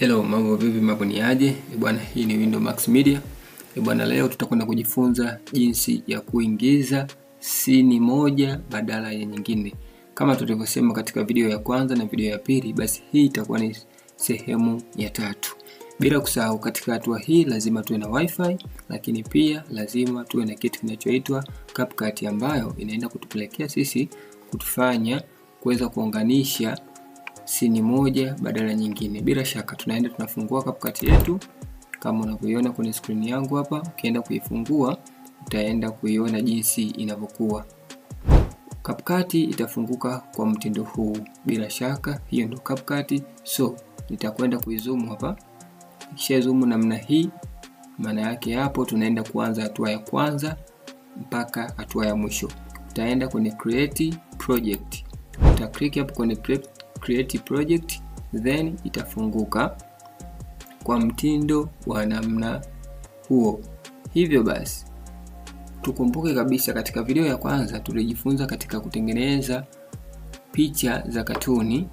Hello, mambo vipi, mambo ni aje? Eh, bwana, hii ni Window Max Media. Eh, bwana, leo tutakwenda kujifunza jinsi ya kuingiza sini moja badala ya nyingine. Kama tulivyosema katika video ya kwanza na video ya pili, basi hii itakuwa ni sehemu ya tatu. Bila kusahau, katika hatua hii lazima tuwe na wifi, lakini pia lazima tuwe na kitu kinachoitwa CapCut ambayo inaenda kutupelekea sisi kutufanya kuweza kuunganisha sini moja badala nyingine. Bila shaka tunaenda tunafungua CapCut yetu kama unavyoiona kwenye skrini yangu hapa. Ukienda kuifungua utaenda kuiona jinsi inavyokuwa. CapCut itafunguka kwa mtindo huu, bila shaka hiyo ndio CapCut. So nitakwenda kuizumu hapa, kisha namna hii, maana yake hapo tunaenda kuanza hatua ya kwanza mpaka hatua ya mwisho. Utaenda kwenye create project, uta click hapo kwenye create project then itafunguka kwa mtindo wa namna huo. Hivyo basi tukumbuke kabisa, katika video ya kwanza tulijifunza katika kutengeneza picha za katuni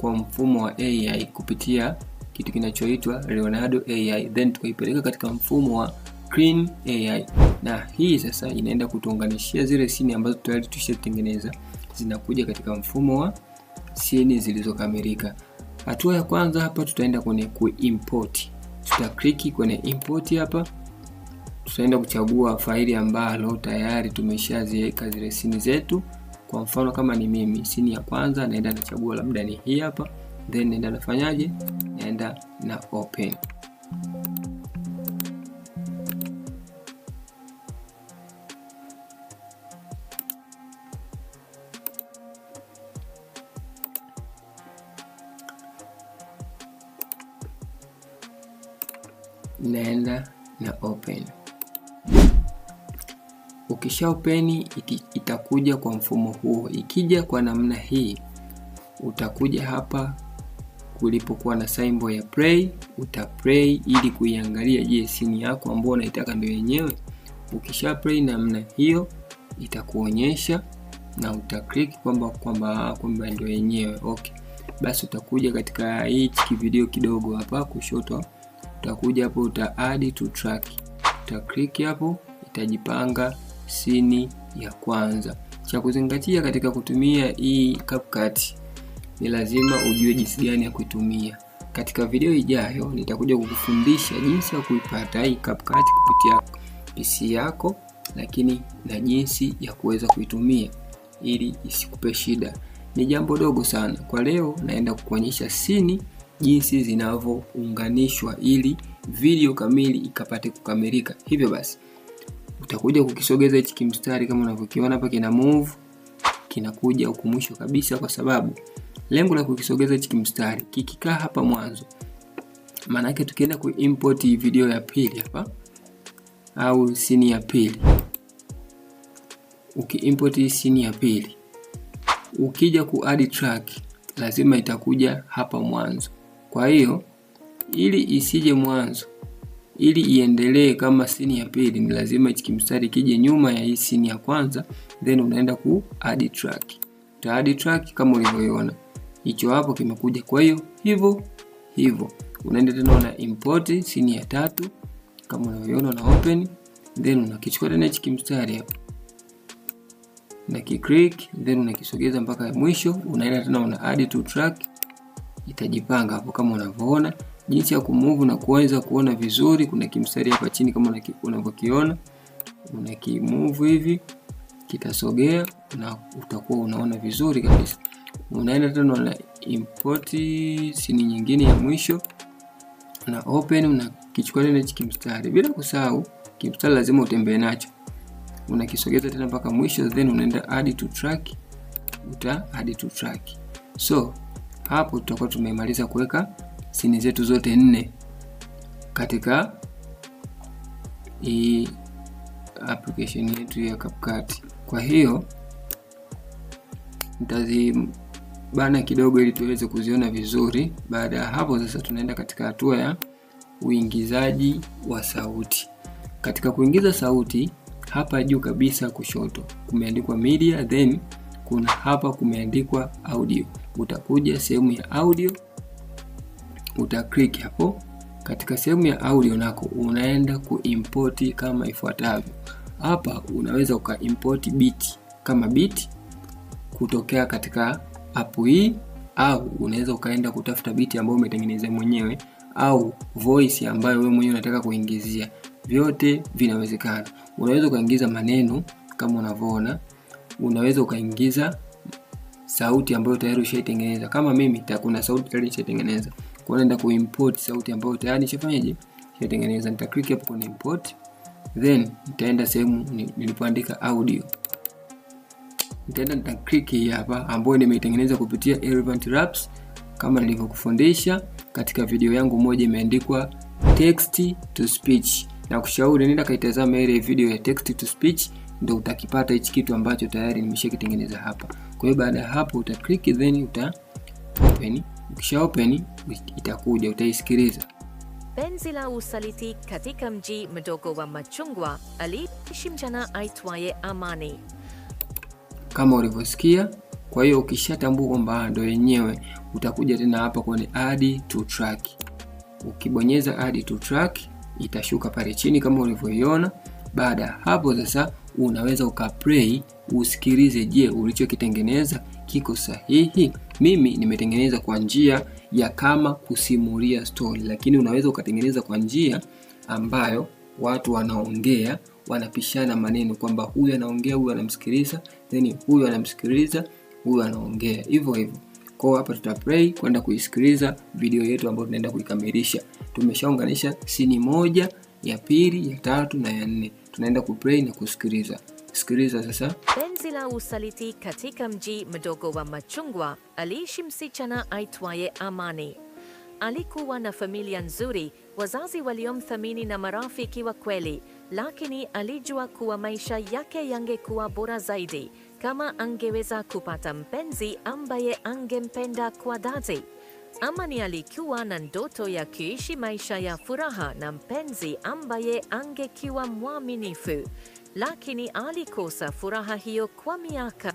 kwa mfumo wa AI kupitia kitu kinachoitwa Leonardo AI, then tukaipeleka katika mfumo wa Clean AI, na hii sasa inaenda kutuunganishia zile sini ambazo tayari tushatengeneza zinakuja katika mfumo wa sieni zilizokamilika. Hatua ya kwanza hapa tutaenda kwenye kuimport. Tutakliki kwenye import hapa. Tutaenda kuchagua faili ambalo tayari tumeshaziweka zile sini zetu. Kwa mfano kama ni mimi sini ya kwanza naenda nachagua labda ni hii hapa, then naenda nafanyaje? Naenda na open. unaenda na open. Ukisha open itakuja kwa mfumo huo. Ikija kwa namna hii, utakuja hapa kulipokuwa na symbol ya pray, uta pray ili kuiangalia, je, simu yako ambayo unaitaka ndio yenyewe. Ukisha play namna hiyo, itakuonyesha na uta click kwamba kwamba kwamba ndio yenyewe. Okay, basi utakuja katika hichi video kidogo hapa kushoto utakuja hapo uta add to track, uta click hapo, itajipanga sini ya kwanza. Cha kuzingatia katika kutumia hii CapCut ni lazima ujue jinsi gani ya kuitumia. Katika video ijayo nitakuja kukufundisha jinsi ya kuipata hii CapCut kupitia PC yako, lakini na jinsi ya kuweza kuitumia ili isikupe shida. Ni jambo dogo sana. Kwa leo naenda kukuonyesha sini jinsi zinavyounganishwa ili video kamili ikapate kukamilika. Hivyo basi utakuja kukisogeza hichi kimstari kama unavyokiona hapa, kina move kinakuja huku mwisho kabisa, kwa sababu lengo la kukisogeza hichi kimstari, kikikaa hapa mwanzo, maana yake tukienda kuimport video ya pili hapa au sini ya pili, ukiimport sini ya pili, ukija ku add track lazima itakuja hapa mwanzo. Kwa hiyo ili isije mwanzo, ili iendelee kama sini ya pili, ni lazima hiki mstari kije nyuma ya hii sini ya kwanza, then unaenda ku add track. Uta add track kama ulivyoiona, hicho hapo kimekuja. Kwa hiyo hivyo hivyo unaenda tena una import sini ya tatu kama unavyoiona na open, then unakichukua tena hiki mstari hapo na kiclick, then unakisogeza mpaka mwisho, unaenda tena una add to track itajipanga hapo kama unavyoona jinsi ya kumove na kuweza kuona vizuri. Kuna kimstari hapa chini kama unavyokiona, una unakimove hivi kitasogea na utakuwa unaona vizuri kabisa. Unaenda tena na import sini nyingine ya mwisho na open, unakichukua tena hichi kimstari, bila kusahau kimstari lazima utembee nacho, unakisogeza tena mpaka mwisho, then unaenda add to track, uta add to track so hapo tutakuwa tumemaliza kuweka sini zetu zote nne katika hii application yetu ya CapCut. Kwa hiyo nitazibana kidogo ili tuweze kuziona vizuri. Baada ya hapo sasa, tunaenda katika hatua ya uingizaji wa sauti. Katika kuingiza sauti, hapa juu kabisa kushoto kumeandikwa media, then kuna hapa kumeandikwa audio utakuja sehemu ya audio, uta click hapo. Katika sehemu ya audio nako unaenda kuimport kama ifuatavyo. Hapa unaweza ukaimport beat kama beat kutokea katika app hii, au unaweza ukaenda kutafuta beat ambayo umetengeneza mwenyewe au voice ambayo wewe mwenyewe unataka kuingizia. Vyote vinawezekana. Unaweza ukaingiza maneno kama unavyoona, unaweza ukaingiza sauti ambayo tayari ushaitengeneza. Kama mimi ta kuna sauti tayari nishaitengeneza. Kwa hiyo naenda kuimport sauti ambayo tayari nishafanyaje? Nishaitengeneza. Nita click hapo kwenye import. Then nitaenda sehemu nilipoandika audio. Nitaenda nita click hii hapa ambayo nimeitengeneza kupitia Relevant Raps kama nilivyokufundisha katika video yangu moja imeandikwa text to speech na kushauri nenda kaitazama ile video ya text to speech ndio utakipata hichi kitu ambacho tayari nimeshakitengeneza hapa. Kwa hiyo baada ya hapo uta click then uta open. Ukisha open itakuja utaisikiliza. Penzi la usaliti katika mji mdogo wa machungwa aliishi mjana aitwaye Amani kama ulivyosikia. Kwa hiyo ukishatambua kwamba ndo yenyewe, utakuja tena hapa kwenye add to track. Ukibonyeza add to track itashuka pale chini kama ulivyoiona. Baada ya hapo sasa unaweza ukaplay usikilize, je, ulichokitengeneza kiko sahihi? Mimi nimetengeneza kwa njia ya kama kusimulia stori, lakini unaweza ukatengeneza kwa njia ambayo watu wanaongea wanapishana maneno, kwamba huyu anaongea, huyu anamsikiliza, then huyu anamsikiliza, huyu anaongea, hivyo hivyo. Kwa hapa tutaplay kwenda kuisikiliza video yetu ambayo tunaenda kuikamilisha. Tumeshaunganisha sini moja ya pili, ya tatu na ya nne. Tunaenda kuplay na kusikiliza. Sikiliza sasa. Penzi la usaliti katika mji mdogo wa Machungwa aliishi msichana aitwaye Amani. Alikuwa na familia nzuri, wazazi waliomthamini na marafiki wa kweli, lakini alijua kuwa maisha yake yangekuwa bora zaidi kama angeweza kupata mpenzi ambaye angempenda kwa dhati. Amani alikuwa na ndoto ya kuishi maisha ya furaha na mpenzi ambaye angekiwa mwaminifu, lakini alikosa furaha hiyo kwa miaka.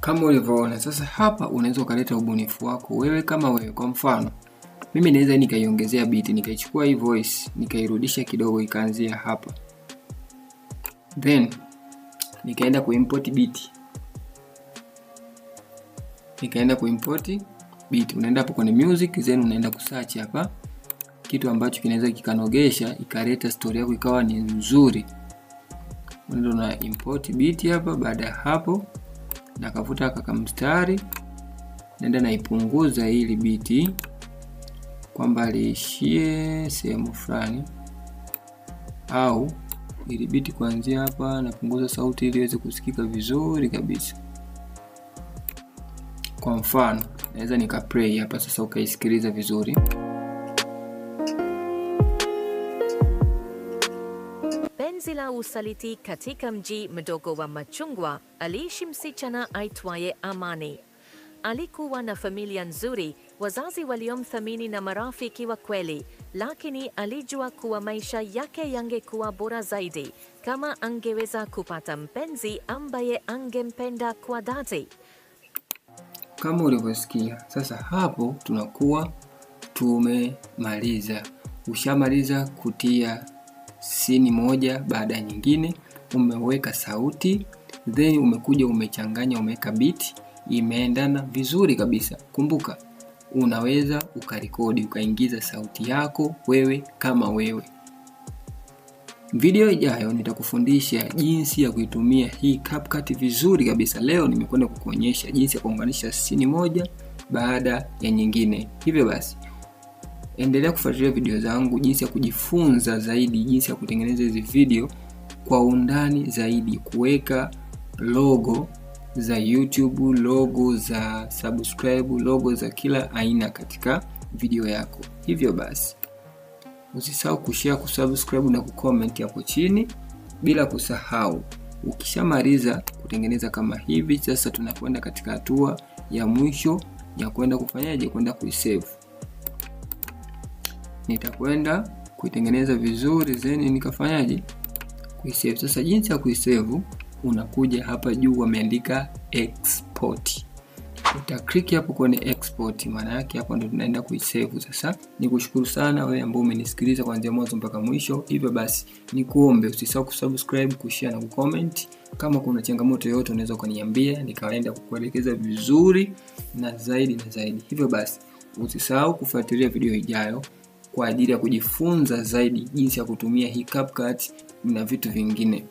Kama ulivyoona sasa, hapa unaweza ukaleta ubunifu wako wewe kama wewe. Kwa mfano, mimi naweza nikaiongezea biti, nikaichukua hii voice nikairudisha kidogo, ikaanzia hapa, then nikaenda kuimport biti, nikaenda kuimport beat. Unaenda hapo kwenye music, then unaenda kusearch hapa kitu ambacho kinaweza kikanogesha ikaleta story yako ikawa ni nzuri. Unaenda una import beat hapa. Baada ya hapo, nakavuta kaka mstari, naenda naipunguza ili beat kwamba liishie sehemu fulani au ili biti kuanzia hapa, napunguza sauti ili iweze kusikika vizuri kabisa. Kwa mfano naweza pray hapa sasa ukaisikiliza vizuri. Penzi la usaliti katika mji mdogo wa Machungwa, aliishi msichana aitwaye Amani. Alikuwa na familia nzuri, wazazi waliomthamini na marafiki wa kweli, lakini alijua kuwa maisha yake yangekuwa bora zaidi kama angeweza kupata mpenzi ambaye angempenda kwa dhati kama ulivyosikia. Sasa hapo tunakuwa tumemaliza. Ushamaliza kutia sini moja baada ya nyingine, umeweka sauti, then umekuja umechanganya, umeweka biti imeendana vizuri kabisa. Kumbuka, unaweza ukarekodi ukaingiza sauti yako wewe kama wewe. Video ijayo nitakufundisha jinsi ya kuitumia hii CapCut vizuri kabisa. Leo nimekwenda kukuonyesha jinsi ya kuunganisha sini moja baada ya nyingine. Hivyo basi, endelea kufuatilia video zangu jinsi ya kujifunza zaidi jinsi ya kutengeneza hizi video kwa undani zaidi, kuweka logo za YouTube, logo za subscribe, logo za kila aina katika video yako. Hivyo basi Usisahau kushare, kusubscribe na kucomment hapo chini bila kusahau. Ukishamaliza kutengeneza kama hivi, sasa tunakwenda katika hatua ya mwisho ya kwenda kufanyaje, kwenda kuisave. Nitakwenda kuitengeneza vizuri then nikafanyaje, kuisave. Sasa jinsi ya kuisave, unakuja hapa juu wameandika export uta click hapo kwenye export, maana yake hapo ndo tunaenda kuisave. Sasa nikushukuru sana wewe ambao umenisikiliza kuanzia mwanzo mpaka mwisho. Hivyo basi, nikuombe usisahau kusubscribe, kushare na kucomment. Kama kuna changamoto yoyote, unaweza ukaniambia nikaenda kukuelekeza vizuri na zaidi na zaidi. Hivyo basi, usisahau kufuatilia video ijayo kwa ajili ya kujifunza zaidi jinsi ya kutumia hii CapCut na vitu vingine.